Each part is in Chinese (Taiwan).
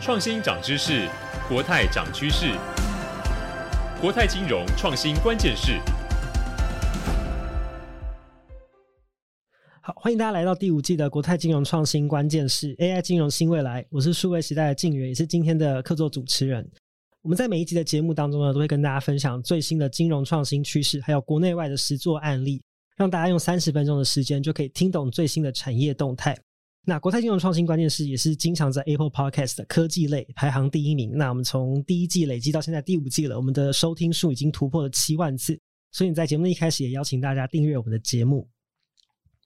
創新漲知識，國泰漲趨勢。國泰金融創新關鍵勢。好，歡迎大家來到第五季的《國泰金融創新關鍵勢》，AI 金融新未來，我是數位時代的敬原，也是今天的客座主持人。我們在每一集的節目當中呢，都會跟大家分享最新的金融創新趨勢，還有國內外的實作案例，讓大家用三十分鐘的時間就可以聽懂最新的產業動態。那國泰金融創新關鍵勢也是經常在 Apple Podcast 的科技類排行第一名。那我們從第一季累計到現在第五季了，我們的收聽數已經突破了七萬次。所以，在節目的一開始也邀請大家訂閱我們的節目。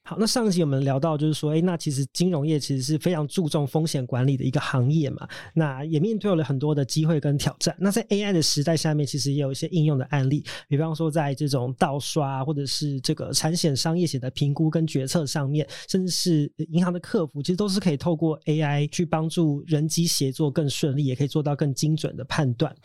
好，那上一集我們聊到，就是說，誒那其實金融業其實是非常注重風險管理的一個行業嘛，那也面對了很多的機會跟挑戰。那在 AI 的時代下面，其實也有一些應用的案例，比方說，在這種盜刷、啊、或者是這個產險、商業險的評估跟決策上面，甚至是銀行的客服，其實都是可以透過 AI 去幫助人機協作更順利，也可以做到更精準的判斷。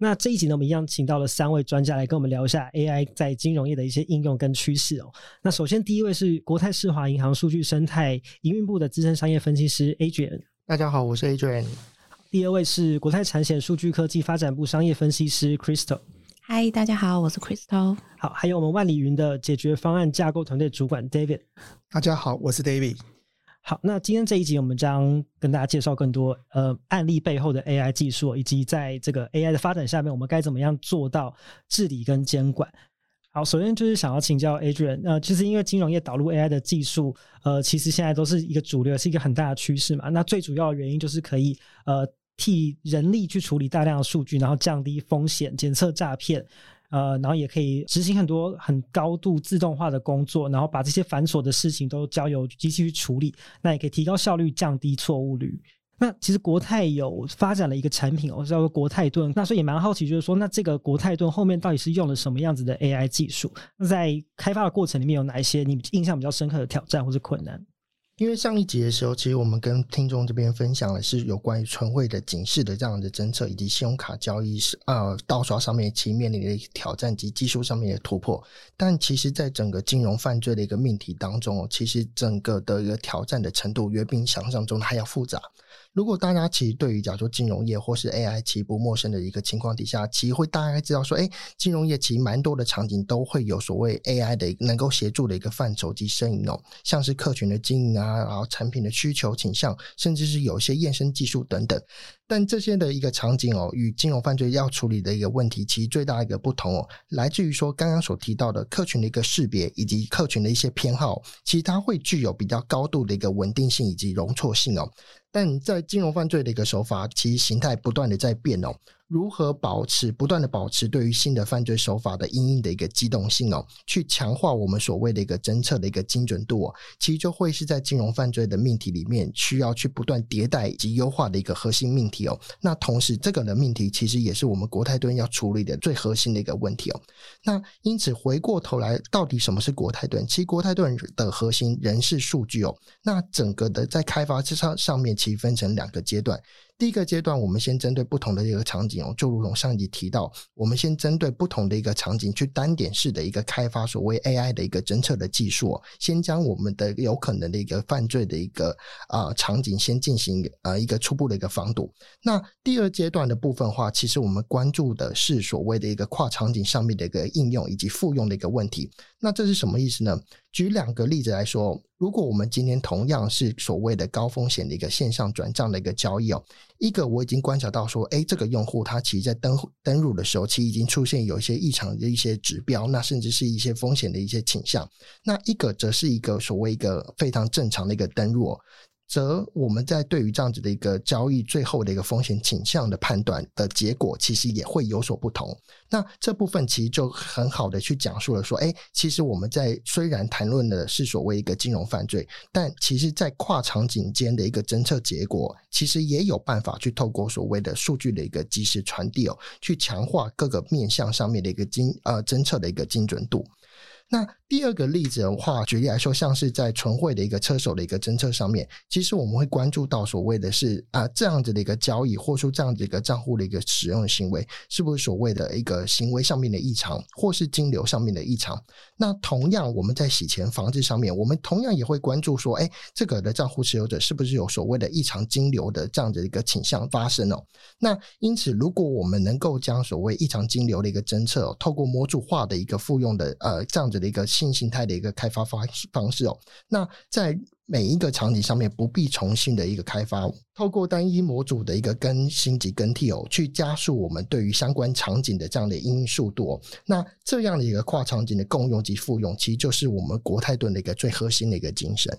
那這一集呢，我們一樣請到了三位專家來跟我們聊一下 AI 在金融業的一些應用跟趨勢哦。那首先第一位是國泰世華銀行數據生態營運部的資深商業分析師 Adrian，大家好，我是 Adrian。第二位是國泰產險數據科技發展部商業分析師 Crystal，嗨，Hi, 大家好，我是 Crystal。好，還有我們萬里雲的解決方案架構團隊主管 David，大家好，我是 David。好，那今天這一集我們將跟大家介紹更多呃案例背後的 AI 技術，以及在這個 AI 的發展下面，我們該怎麼樣做到治理跟監管？好，首先就是想要請教 Adrian，呃其實、就是、因為金融業導入 AI 的技術，呃，其實現在都是一個主流，是一個很大的趨勢嘛。那最主要的原因就是可以呃替人力去處理大量的數據，然後降低風險，檢測詐騙。呃，然後也可以執行很多很高度自動化的工作，然後把這些繁瑣的事情都交由機器去處理，那也可以提高效率，降低錯誤率。那其實國泰有發展了一個產品，哦，我叫做國泰盾，那所以也蠻好奇，就是說那這個國泰盾後面到底是用了什麼樣子的 AI 技術？那在開發的過程裡面有哪一些你印象比較深刻的挑戰或是困難？因為上一集的時候，其實我們跟聽眾這邊分享的是有關於存匯的警示的這樣的政策，以及信用卡交易是呃盜刷上面其面臨的一個挑戰及技術上面的突破。但其實，在整個金融犯罪的一個命題當中，其實整個的一個挑戰的程度遠比想象中的還要複雜。如果大家其實對於，假如說金融業或是 AI 其實不陌生的一個情況底下，其實會大概知道說，哎、欸，金融業其實蠻多的場景都會有所謂 AI 的能夠協助的一個範疇及應用，哦，像是客群的經營啊，然後產品的需求傾向，甚至是有些驗身技術等等。但這些的一個場景哦，與金融犯罪要處理的一個問題，其實最大一個不同哦，來自於說剛剛所提到的客群的一個識別以及客群的一些偏好，其實它會具有比較高度的一個穩定性以及容錯性哦。但在金融犯罪的一個手法，其形態不斷的在變哦、喔。如何保持不斷地保持對於新的犯罪手法的因應的一個機動性哦，去強化我們所謂的一個偵測的一個精準度哦，其實就會是在金融犯罪的命題裡面需要去不斷迭代以及優化的一個核心命題哦。那同時這個的命題其實也是我們國泰盾要處理的最核心的一個問題哦。那因此回過頭來，到底什麼是國泰盾？其實國泰盾的核心仍是數據哦。那整個的在開發之上上面，其實分成兩個階段。第一個階段，我們先針對不同的一個場景，就如同上一集提到，我們先針對不同的一個場景去單點式的一個開發，所謂 AI 的一個偵測的技術，先將我們的有可能的一個犯罪的一個啊場景，先進行呃一個初步的一個防堵。那第二階段的部分的話，其實我們關注的是所謂的一個跨場景上面的一個應用以及複用的一個問題。那這是什麼意思呢？舉兩個例子來說，如果我們今天同樣是所謂的高風險的一個線上轉賬的一個交易哦，一個我已經觀察到說，哎，這個用戶他其實在登登入的時候，其實已經出現有一些異常的一些指標，那甚至是一些風險的一些傾向。那一個則是一個所謂一個非常正常的一個登入哦。則我們在對於這樣子的一個交易最後的一個風險傾向的判斷的結果，其實也會有所不同。那這部分其實就很好的去講述了說，哎，其實我們在雖然談論的是所謂一個金融犯罪，但其實在跨場景間的一個偵測結果，其實也有辦法去透過所謂的數據的一個即時傳遞哦，去強化各個面向上面的一個精呃偵測的一個精準度。那第二個例子的話，舉例來說，像是在存匯的一個車手的一個偵測上面，其實我們會關注到所謂的是啊、呃、這樣子的一個交易，或是這樣子的一個賬戶的一個使用的行為，是不是所謂的一個行為上面的異常，或是金流上面的異常？那同樣我們在洗錢防治上面，我們同樣也會關注說，哎、欸，這個的賬戶持有者是不是有所謂的異常金流的這樣子的一個傾向發生哦？那因此，如果我們能夠將所謂異常金流的一個偵測，透過模組化的一個複用的呃這樣子的一個。新形態的一個開發方方式哦，那在每一個場景上面不必重新的一個開發，透過單一模組的一個更新及更替哦，去加速我們對於相關場景的這樣的應用速度，哦。那這樣的一個跨場景的共用及複用，其實就是我們國泰盾的一個最核心的一個精神。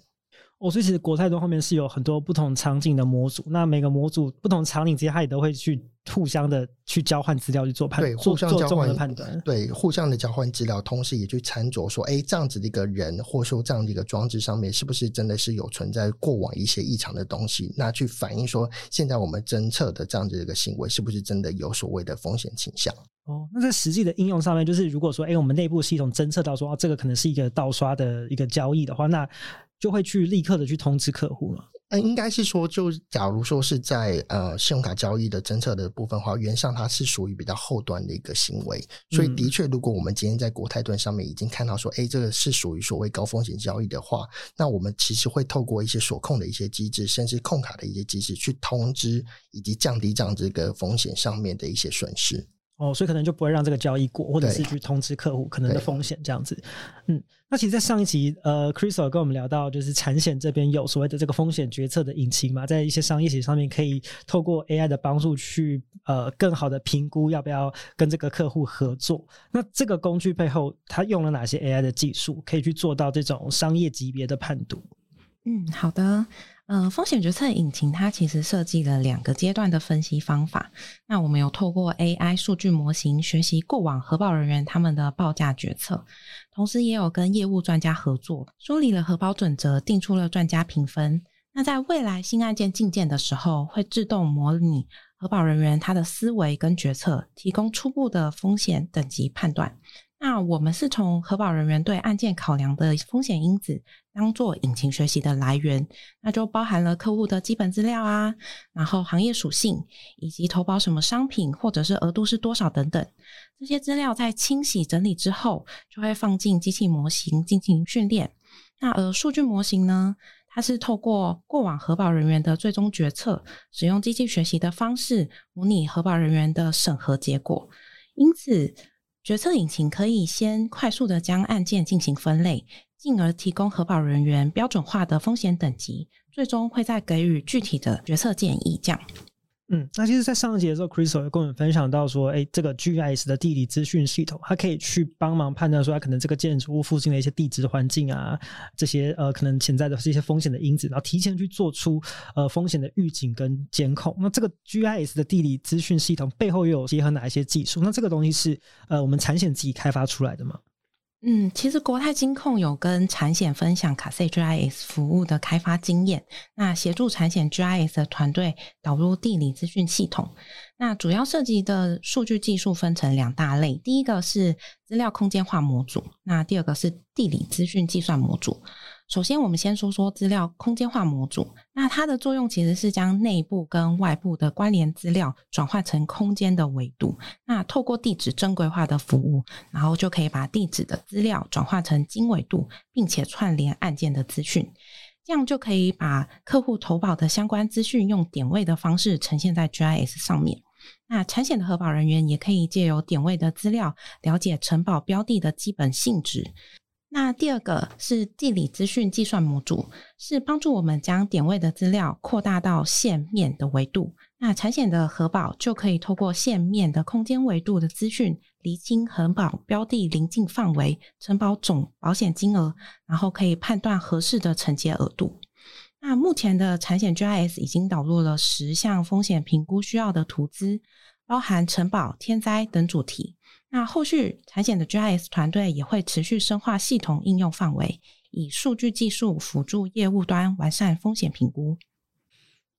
哦，所以其實國泰盾後面是有很多不同場景的模組，那每個模組不同場景之間，它也都會去。互相的去交換資料去做判斷，對，互相交換的判斷，對，互相的交換資料，同時也去參酌說，哎、欸，這樣子的一個人，或說這樣的一個裝置上面，是不是真的是有存在過往一些異常的東西？那去反映說，現在我們偵測的這樣子的一個行為，是不是真的有所謂的風險傾向？哦，那在實際的應用上面，就是如果說，哎、欸，我們內部系統偵測到說、哦、這個可能是一個盜刷的一個交易的話，那就會去立刻的去通知客戶了那應該是說，就假如說是在呃信用卡交易的偵測的部分的話，原上它是屬於比較後端的一個行為，所以的確，如果我們今天在國泰端上面已經看到說，誒、嗯欸、這個是屬於所謂高風險交易的話，那我們其實會透過一些所控的一些機制，甚至控卡的一些機制去通知以及降低這樣這個風險上面的一些損失。哦，所以可能就不會讓這個交易過，或者是去通知客戶可能的風險這樣子。嗯，那其實，在上一集，呃，Crystal 跟我們聊到，就是產險這邊有所謂的這個風險決策的引擎嘛，在一些商業險上面，可以透過 AI 的幫助去，呃，更好的評估要不要跟這個客戶合作。那這個工具背後，它用了哪些 AI 的技術，可以去做到這種商業級別的判讀？嗯，好的。呃，風險決策引擎它其實設計了兩個階段的分析方法。那我們有透過 AI 數據模型學習過往核保人員他們的報價決策，同時也有跟業務專家合作，梳理了核保準則，定出了專家評分。那在未來新案件進件的時候，會自動模擬核保人員他的思維跟決策，提供初步的風險等級判斷。那我們是從核保人員對案件考量的風險因子當做引擎學習的來源，那就包含了客戶的基本資料啊，然後行業屬性以及投保什麼商品或者是額度是多少等等，這些資料在清洗整理之後，就會放進機器模型進行訓練。那而數據模型呢，它是透過過往核保人員的最終決策，使用機器學習的方式模擬核保人員的審核結果，因此。決策引擎可以先快速的將案件進行分類，進而提供核保人員標準化的風險等級，最終會再給予具體的決策建議。這樣。嗯，那其實，在上一集的時候，Crystal 又跟我們分享到說，哎、欸，這個 GIS 的地理資訊系統，它可以去幫忙判斷說，它、啊、可能這個建築物附近的一些地質環境啊，這些呃，可能潛在的這些風險的因子，然後提前去做出呃風險的預警跟監控。那這個 GIS 的地理資訊系統背後又有結合哪一些技術？那這個東西是呃，我們產險自己開發出來的嗎？嗯，其實國泰金控有跟產險分享 CaseGIS 服務的開發經驗，那協助產險 GIS 的團隊導入地理資訊系統。那主要涉及的數據技術分成兩大類，第一個是資料空間化模組，那第二個是地理資訊計算模組。首先，我們先說說資料空間化模組。那它的作用其實是將內部跟外部的關聯資料轉化成空間的維度。那透過地址正規化的服務，然後就可以把地址的資料轉化成經緯度，並且串聯案件的資訊。這樣就可以把客戶投保的相關資訊用點位的方式呈現在 GIS 上面。那產險的核保人員也可以借由點位的資料了解承保標的的基本性質。那第二個是地理資訊計算模組，是幫助我們將點位的資料擴大到線面的維度。那產險的核保就可以透過線面的空間維度的資訊，釐清核保標的鄰近範圍、承保總保險金額，然後可以判斷合適的承接額度。那目前的產險 GIS 已經導入了十項風險評估需要的圖資，包含承保、天災等主題。那後續產險的 GIS 團隊也會持續深化系統應用範圍，以數據技術輔助業務端完善風險評估。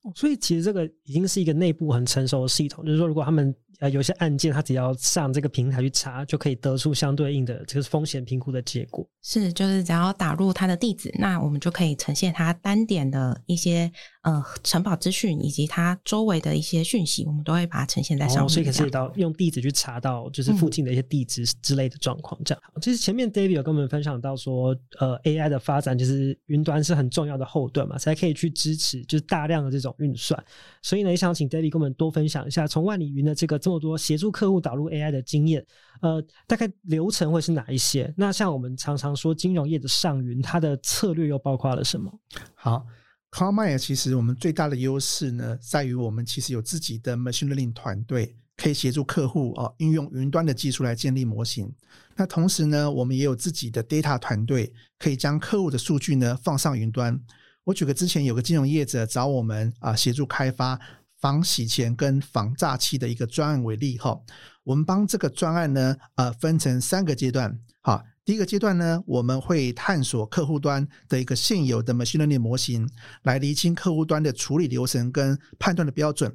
哦，所以其實這個已經是一個內部很成熟的系統，就是說，如果他們，呃，有一些案件，他只要上這個平台去查，就可以得出相對應的這個風險評估的結果。是，就是只要打入他的地址，那我們就可以呈現他單點的一些。呃，城堡資訊以及它周圍的一些訊息，我們都會把它呈現在上面、哦。所以可以到用地址去查到，就是附近的一些地址之類的狀況、嗯。這樣，其實前面 David 有跟我們分享到說，呃，AI 的發展就是雲端是很重要的後盾嘛，才可以去支持就是大量的這種運算。所以呢，也想請 David 跟我們多分享一下，從萬里雲的這個這麼多協助客戶導入 AI 的經驗，呃，大概流程會是哪一些？那像我們常常說金融業的上雲，它的策略又包括了什麼？好。CloudMile 其實我們最大的優勢呢，在於我們其實有自己的 machine learning 團隊，可以協助客戶啊運用雲端的技術來建立模型。那同時呢，我們也有自己的 data 團隊，可以將客戶的數據呢放上雲端。我舉個之前有個金融業者找我們啊協助開發防洗錢跟防詐欺的一個專案為例哈，我們幫這個專案呢呃、啊、分成三個階段哈。第一個階段呢，我們會探索客戶端的一個現有的 machine learning 模型，來釐清客戶端的處理流程跟判斷的標準。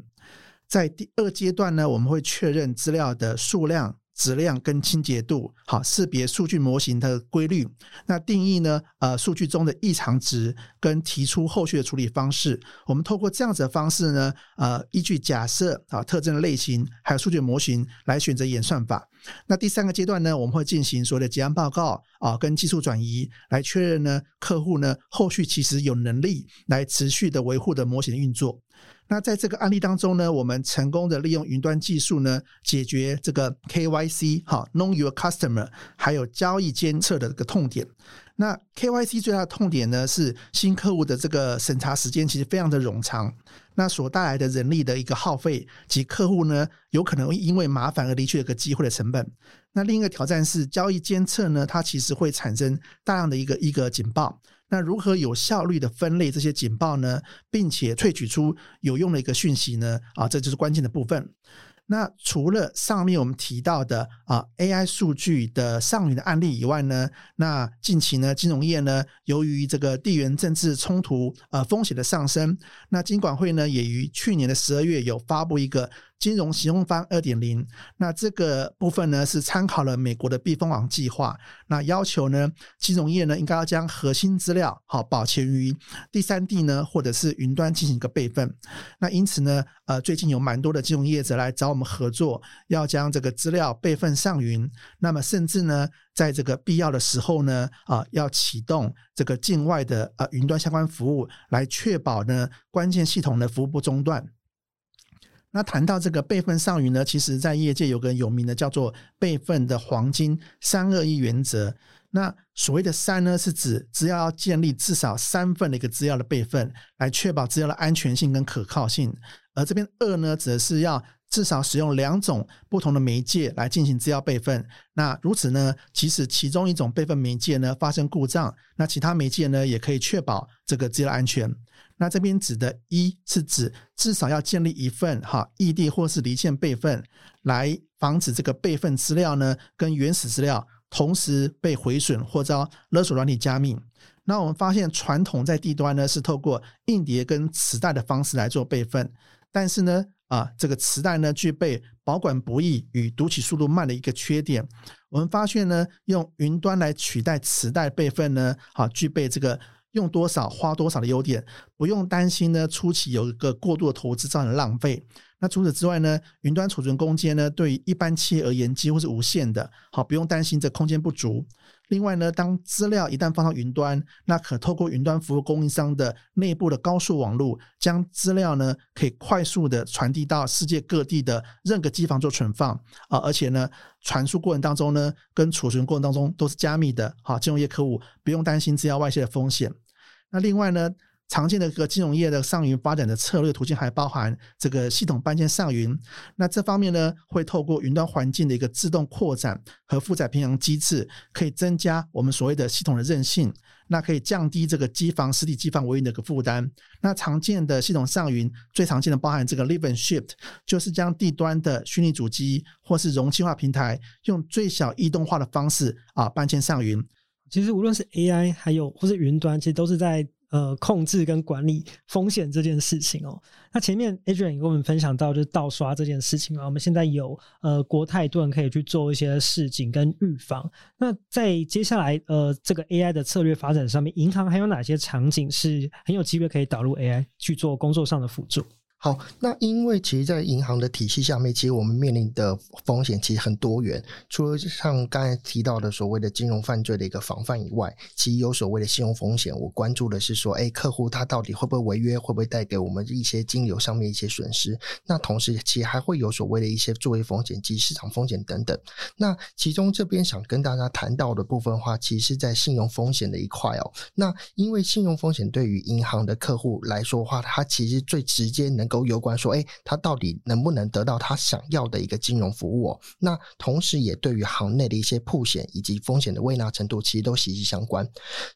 在第二階段呢，我們會確認資料的數量、質量跟清潔度，好識別數據模型的規律。那定義呢，呃，數據中的異常值。跟提出後續的處理方式，我們透過這樣子的方式呢，呃，依據假設啊特徵的類型，還有數據模型來選擇演算法。那第三個階段呢，我們會進行所謂的結案報告啊，跟技術轉移，來確認呢客戶呢後續其實有能力來持續的維護的模型運作。那在這個案例當中呢，我們成功的利用雲端技術呢，解決這個 KYC 哈、啊、Know Your Customer 還有交易監測的這個痛點。那 KYC 最大的痛點呢，是新客戶的這個審查時間其實非常的冗長，那所帶來的人力的一個耗費及客戶呢，有可能因為麻煩而離去的一個機會的成本。那另一個挑戰是交易監測呢，它其實會產生大量的一個一個警報，那如何有效率的分類這些警報呢，並且萃取出有用的一個訊息呢？啊，這就是關鍵的部分。那除了上面我們提到的啊 AI 數據的上雲的案例以外呢，那近期呢金融業呢，由於這個地緣政治衝突啊、呃，風險的上升,那金管會呢也於去年的十二月有發布一個金融行動方案二點零，那這個部分呢是參考了美國的避風港計劃。那要求呢，金融業呢應該要將核心資料好保全於第三地呢，或者是雲端進行一個備份。那因此呢，呃，最近有蠻多的金融業者來找我們合作，要將這個資料備份上雲。那麼甚至呢，在這個必要的時候呢，啊、呃，要啟動這個境外的呃雲端相關服務，來確保呢關鍵系統的服務不中斷。那談到這個備份上雲呢，其實在業界有個有名的叫做備份的黃金三二一原則。那所謂的三呢，是指只要要建立至少三份的一個資料的備份，來確保資料的安全性跟可靠性。而這邊二呢，則是要至少使用兩種不同的媒介來進行資料備份。那如此呢，即使其中一種備份媒介呢發生故障，那其他媒介呢也可以確保這個資料安全。那這邊指的“一”是指至少要建立一份哈異地或是離線備份，來防止這個備份資料呢跟原始資料同時被毀損或者勒索軟體加密。那我們發現傳統在地端呢是透過硬碟跟磁帶的方式來做備份，但是呢啊這個磁帶呢具備保管不易與讀取速度慢的一個缺點。我們發現呢用雲端來取代磁帶備份呢、啊，好具備這個。用多少花多少的優點，不用擔心呢初期有一個過度的投資造成浪費。那除此之外呢，雲端儲存空間呢，對於一般企業而言幾乎是無限的，好，不用擔心這空間不足。另外呢，當資料一旦放到雲端，那可透過雲端服務供應商的內部的高速網絡，將資料呢可以快速的傳遞到世界各地的任何機房做存放啊，而且呢傳輸過程當中呢，跟儲存過程當中都是加密的，好，金融業客戶不用擔心資料外泄的風險。那另外呢，常見的一個金融業的上雲發展的策略途徑還包含這個系統搬遷上雲。那這方面呢，會透過雲端環境的一個自動擴展和負載平衡機制，可以增加我們所謂的系統的韌性。那可以降低這個機房實體機房維運的一個負擔。那常見的系統上雲最常見的包含這個 Lift and Shift，就是將地端的虛擬主機或是容器化平台，用最小移動化的方式啊搬遷上雲。其實無論是 AI 還有或是雲端，其實都是在呃控制跟管理風險這件事情哦。那前面 Adrian 也跟我們分享到，就是盜刷這件事情啊，我們現在有呃國泰盾可以去做一些事情跟預防。那在接下來呃這個 AI 的策略發展上面，銀行還有哪些場景是很有機會可以導入 AI 去做工作上的輔助？好，那因為其實，在銀行的體系下面，其實我們面臨的風險其實很多元。除了像剛才提到的所謂的金融犯罪的一個防範以外，其實有所謂的信用風險，我關注的是說，哎，客戶他到底會不會違約，會不會帶給我們一些金流上面一些損失？那同時，其實還會有所謂的一些作業風險及市場風險等等。那其中這邊想跟大家談到的部分的話，其實是在信用風險的一塊哦。那因為信用風險對於銀行的客戶來說的話，它其實最直接能夠都攸關說，哎、欸，他到底能不能得到他想要的一個金融服務哦？那同時也對於行內的一些曝險以及風險的胃納程度，其實都息息相關。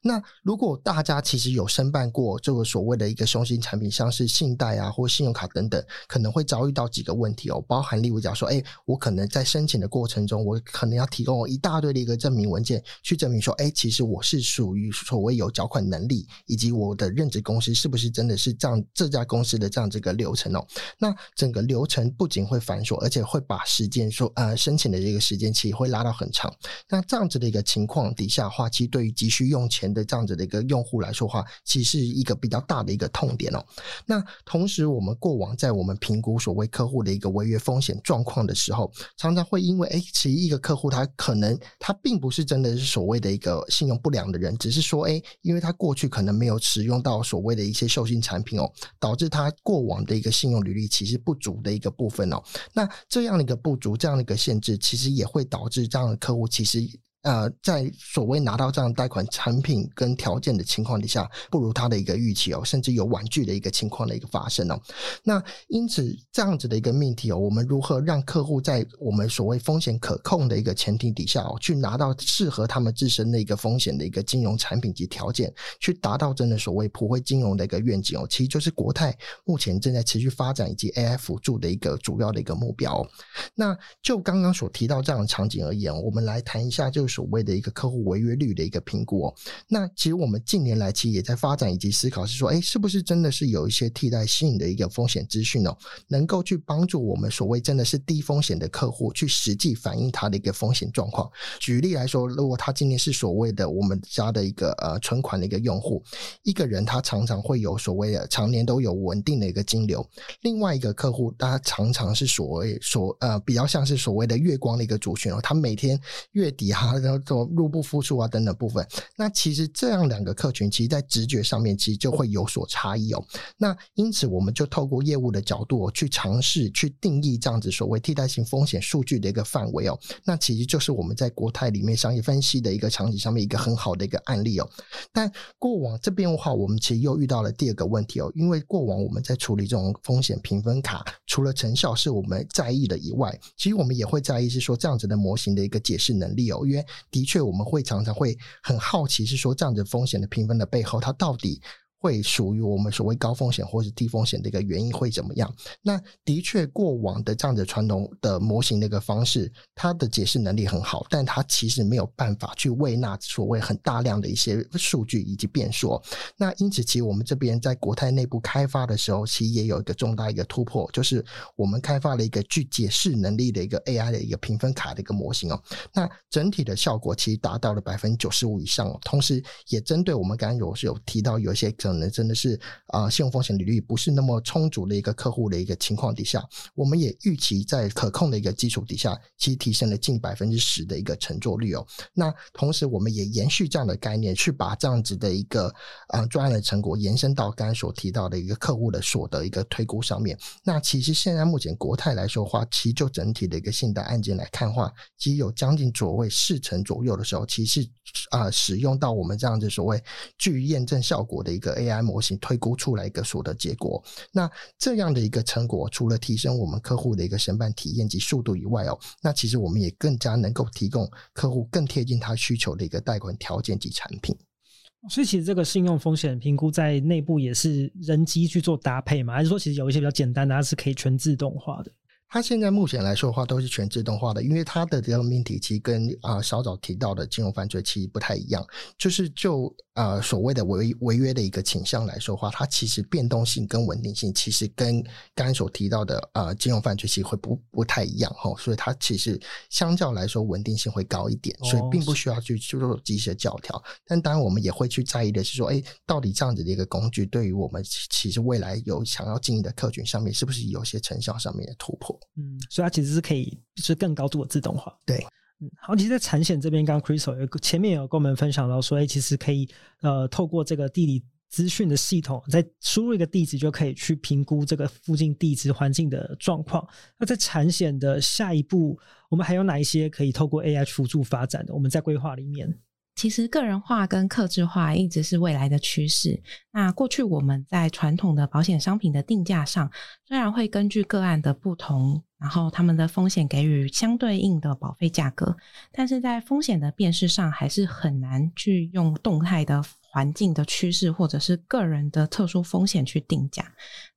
那如果大家其實有申辦過這個所謂的一個創新產品，像是信貸啊或信用卡等等，可能會遭遇到幾個問題哦，包含例如講說，哎、欸，我可能在申請的過程中，我可能要提供一大堆的一個證明文件，去證明說，哎、欸，其實我是屬於所謂有繳款能力，以及我的任職公司是不是真的是這樣這家公司的這樣這個流。流程哦，那整個流程不僅會繁瑣，而且會把時間說呃申請的這個時間期會拉到很長。那這樣子的一個情況底下話，其實對於急需用錢的這樣子的一個用戶來說話，其實是一個比較大的一個痛點哦。那同時，我們過往在我們評估所謂客戶的一個違約風險狀況的時候，常常會因為哎，其一個客戶他可能他並不是真的是所謂的一個信用不良的人，只是說哎，因為他過去可能沒有使用到所謂的一些授信產品哦，導致他過往。的一個信用履歷其實不足的一個部分哦，那這樣的一個不足，這樣的一個限制，其實也會導致這樣的客戶其實。呃，在所謂拿到這樣的貸款產品跟條件的情況底下，不如他的一個預期哦，甚至有婉拒的一個情況的一個發生哦。那因此這樣子的一個命題哦，我們如何讓客戶在我們所謂風險可控的一個前提底下哦，去拿到適合他們自身的一個風險的一個金融產品及條件，去達到真的所謂普惠金融的一個願景哦，其實就是國泰目前正在持續發展以及 AI 輔助的一個主要的一個目標哦。那就剛剛所提到這樣的場景而言，我們來談一下就是。所謂的一個客戶違約率的一個評估哦，那其實我們近年來其實也在發展以及思考，是說，哎，是不是真的是有一些替代性的一個風險資訊哦，能夠去幫助我們所謂真的是低風險的客戶去實際反映他的一個風險狀況。舉例來說，如果他今年是所謂的我們家的一個呃存款的一個用戶，一個人他常常會有所謂的常年都有穩定的一個金流，另外一個客戶，他常常是所謂所呃比較像是所謂的月光的一個族群哦，他每天月底哈、啊。然後入不敷出啊等等部分，那其實這樣兩個客群，其實，在直覺上面，其實就會有所差異哦。那因此，我們就透過業務的角度去嘗試去定義這樣子所謂替代性風險數據的一個範圍哦。那其實就是我們在國泰裡面商業分析的一個場景上面一個很好的一個案例哦。但過往這邊的話，我們其實又遇到了第二個問題哦，因為過往我們在處理這種風險評分卡，除了成效是我們在意的以外，其實我們也會在意是說這樣子的模型的一個解釋能力哦，因為的確，我們會常常會很好奇，是說這樣子風險的評分的背後，它到底，會屬於我們所謂高風險或是低風險的一個原因會怎麼樣？那的確，過往的這樣的傳統的模型的一個方式，它的解釋能力很好，但它其實沒有辦法去餵納所謂很大量的一些數據以及變數。那因此，其實我們這邊在國泰內部開發的時候，其實也有一個重大一個突破，就是我們開發了一個具解釋能力的一個 AI 的一個評分卡的一個模型哦。那整體的效果其實達到了百分之九十五以上哦，同時也針對我們剛剛有是有提到有一些。可能真的是啊、呃，信用風險履歷不是那麼充足的一個客戶的一個情況底下，我們也預期在可控的一個基礎底下，其實提升了近百分之十的一個承作率哦。那同時，我們也延續這樣的概念，去把這樣子的一個啊、呃、專案的成果延伸到剛才所提到的一個客戶的所得一個推估上面。那其實現在目前國泰來說的話，其實就整體的一個信貸案件來看的話，其實有將近所謂四成左右的時候，其實啊、呃、使用到我們這樣子所謂具驗證效果的一個 AI 模型推估出來一個所得結果，那這樣的一個成果，除了提升我們客戶的一個申辦體驗及速度以外哦，那其實我們也更加能夠提供客戶更貼近他需求的一個貸款條件及產品。所以其實這個信用風險的評估在內部也是人機去做搭配嘛，還是說其實有一些比較簡單的，它是可以全自動化的？它現在目前來說的話，都是全自動化的，因為它的這個命題其實跟啊、呃，稍早提到的金融犯罪其實不太一樣。就是就啊、呃，所謂的違違約的一個傾向來說的話，它其實變動性跟穩定性其實跟剛才所提到的啊、呃，金融犯罪其實會不不太一樣哈。所以它其實相較來說穩定性會高一點，所以並不需要去做這些教條、哦。但當然，我們也會去在意的是說，哎、欸，到底這樣子的一個工具，對於我們其實未來有想要經營的客群上面，是不是有些成效上面的突破？嗯，所以它其實是可以、就是更高度的自動化。對，嗯，好，其實在，在產險這邊，剛 Crystal 前面有跟我們分享到說，誒、欸，其實可以呃，透過這個地理資訊的系統，再輸入一個地址，就可以去評估這個附近地質環境的狀況。那在產險的下一步，我們還有哪一些可以透過 AI 輔助發展的？我們在規劃裡面。其實，個人化跟客製化一直是未來的趨勢。那過去我們在傳統的保險商品的定價上，雖然會根據個案的不同，然後他們的風險給予相對應的保費價格，但是在風險的辨識上，還是很難去用動態的。環境的趨勢，或者是個人的特殊風險去定價，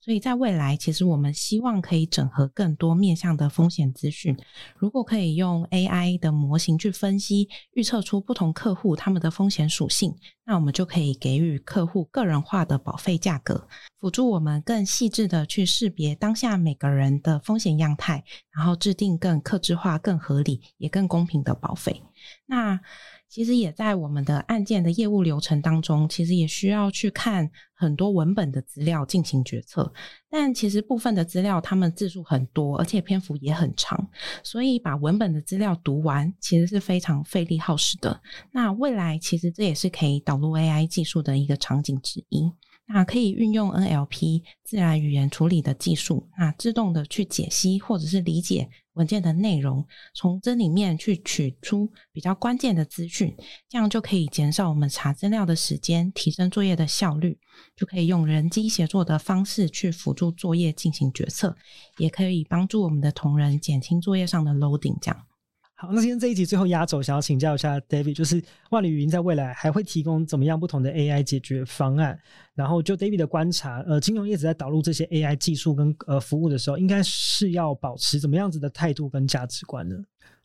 所以在未來，其實我們希望可以整合更多面向的風險資訊。如果可以用 AI 的模型去分析、預測出不同客戶他們的風險屬性，那我們就可以給予客戶個人化的保費價格，輔助我們更細緻的去識別當下每個人的風險樣態，然後制定更客製化、更合理也更公平的保費。那其實也在我們的案件的業務流程當中，其實也需要去看很多文本的資料進行決策。但其實部分的資料，它們字數很多，而且篇幅也很長，所以把文本的資料讀完，其實是非常費力耗時的。那未來其實這也是可以導入 AI 技術的一個場景之一，那可以運用 NLP 自然語言處理的技術，那自動的去解析或者是理解。文件的內容，從這裡面去取出比較關鍵的資訊，這樣就可以減少我們查資料的時間，提升作業的效率，就可以用人機協作的方式去輔助作業，進行決策，也可以幫助我們的同仁減輕作業上的 loading 這樣。好，那今天這一集最後壓軸，想要請教一下 David，就是萬里雲在未來還會提供怎麼樣不同的 AI 解決方案？然後就 David 的觀察，呃，金融業者在導入這些 AI 技術跟呃服務的時候，應該是要保持怎麼樣子的態度跟價值觀呢？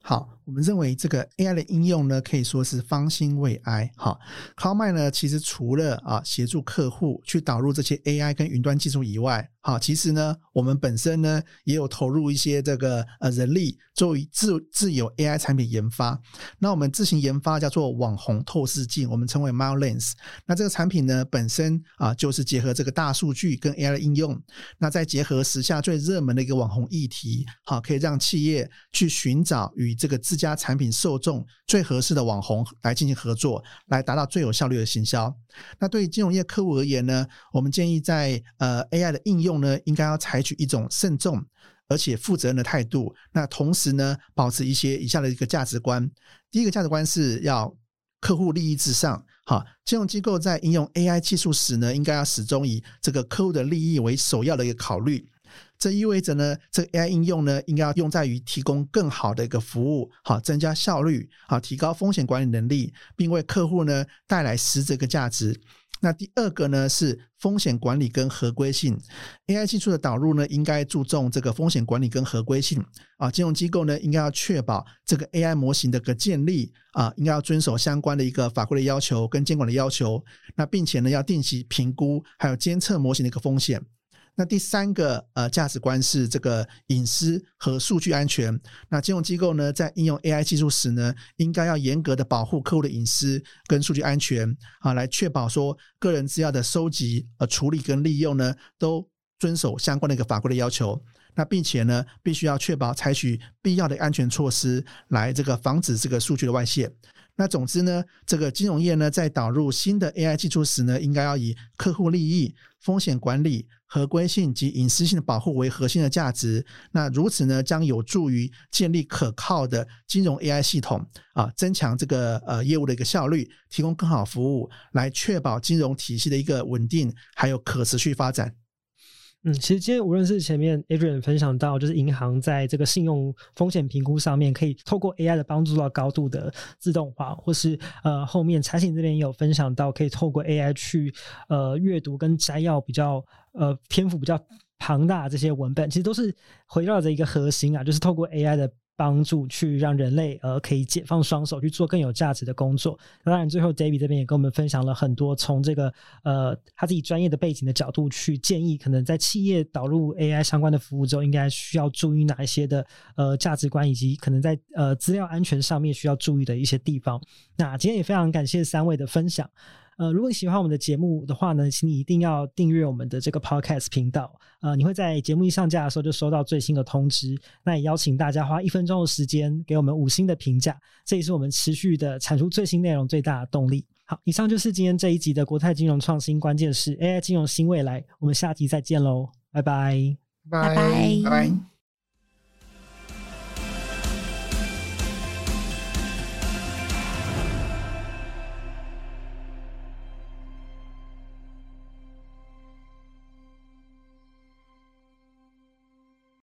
好，我們認為這個 AI 的應用呢，可以說是方興未艾。好，CloudMile 呢，其實除了啊協助客戶去導入這些 AI 跟雲端技術以外，好，其實呢，我們本身呢也有投入一些這個呃人力，作為自自有 AI 產品研發。那我們自行研發叫做網紅透視鏡，我們稱為 MyLens。那這個產品呢，本身啊就是結合這個大數據跟 AI 的應用，那再結合時下最熱門的一個網紅議題，好，可以讓企業去尋找與這個自家產品受眾最合適的網紅來進行合作，來達到最有效率的行銷。那對於金融業客戶而言呢，我們建議在呃 AI 的應用呢，應該要採取一種慎重而且負責任的態度。那同時呢，保持一些以下的一個價值觀。第一個價值觀是要客戶利益至上。哈，金融機構在應用 AI 技術時呢，應該要始終以這個客戶的利益為首要的一個考慮。這意味着呢，這個 AI 應用呢，應該要用在於提供更好的一個服務，好、啊、增加效率，好、啊、提高風險管理能力，並為客戶呢帶來實質的價值。那第二個呢是風險管理跟合規性，AI 技術的導入呢，應該注重這個風險管理跟合規性。啊，金融機構呢，應該要確保這個 AI 模型的一個建立啊，應該要遵守相關的一個法規的要求跟監管的要求。那並且呢，要定期評估還有監測模型的一個風險。那第三個呃價值觀是這個隱私和數據安全。那金融機構呢，在應用 AI 技術時呢，應該要嚴格的保護客戶的隱私跟數據安全啊，來確保說個人資料的收集、呃處理跟利用呢，都遵守相關的一個法規的要求。那並且呢，必須要確保採取必要的安全措施來這個防止這個數據的外泄。那總之呢，這個金融業呢，在導入新的 AI 技術時呢，應該要以客戶利益、風險管理、合規性及隱私性的保護為核心的價值。那如此呢，將有助於建立可靠的金融 AI 系統，啊，增強這個呃業務的一個效率，提供更好服務，來確保金融體系的一個穩定還有可持續發展。嗯，其實今天無論是前面 Adrian 分享到，就是銀行在這個信用風險評估上面，可以透過 AI 的幫助到高度的自動化，或是呃後面產險這邊也有分享到，可以透過 AI 去呃閱讀跟摘要比較呃篇幅比較龐大這些文本，其實都是圍繞着一個核心啊，就是透過 AI 的。幫助去讓人類呃可以解放雙手去做更有價值的工作。當然，最後 David 這邊也跟我們分享了很多從這個呃他自己專業的背景的角度去建議，可能在企業導入 AI 相關的服務之後，應該需要注意哪一些的呃價值觀，以及可能在呃資料安全上面需要注意的一些地方。那今天也非常感謝三位的分享。呃，如果你喜歡我們的節目的話呢，請你一定要訂閱我們的這個 podcast 頻道。呃，你會在節目一上架的時候就收到最新的通知。那也邀請大家花一分鐘的時間給我們五星的評價，這也是我們持續的產出最新內容最大的動力。好，以上就是今天這一集的國泰金融創新關鍵勢 AI 金融新未來。我們下集再見嘍，拜拜拜拜拜。Bye, bye. Bye, bye. Bye, bye.